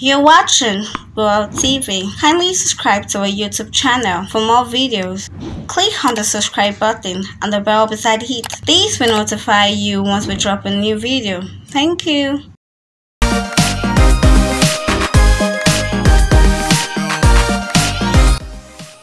You're watching World TV. Kindly subscribe to our YouTube channel for more videos. Click on the subscribe button and the bell beside it. This will notify you once we drop a new video. Thank you.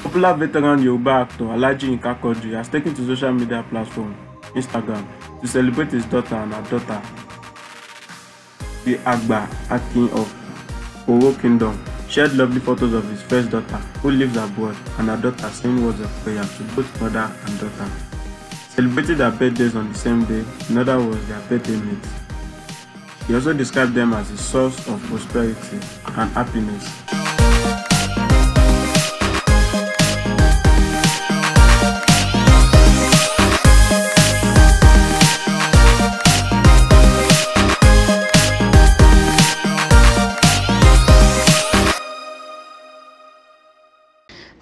Popular veteran Yoruba actor Alhaji Yinka has taken to social media platform Instagram to celebrate his daughter and her daughter, the Agba Akin of Owo Kingdom shared lovely photos of his first daughter who lives abroad and her daughter saying words of prayer to both mother and daughter. Celebrated their birthdays on the same day, another was their birthday mate. He also described them as a source of prosperity and happiness.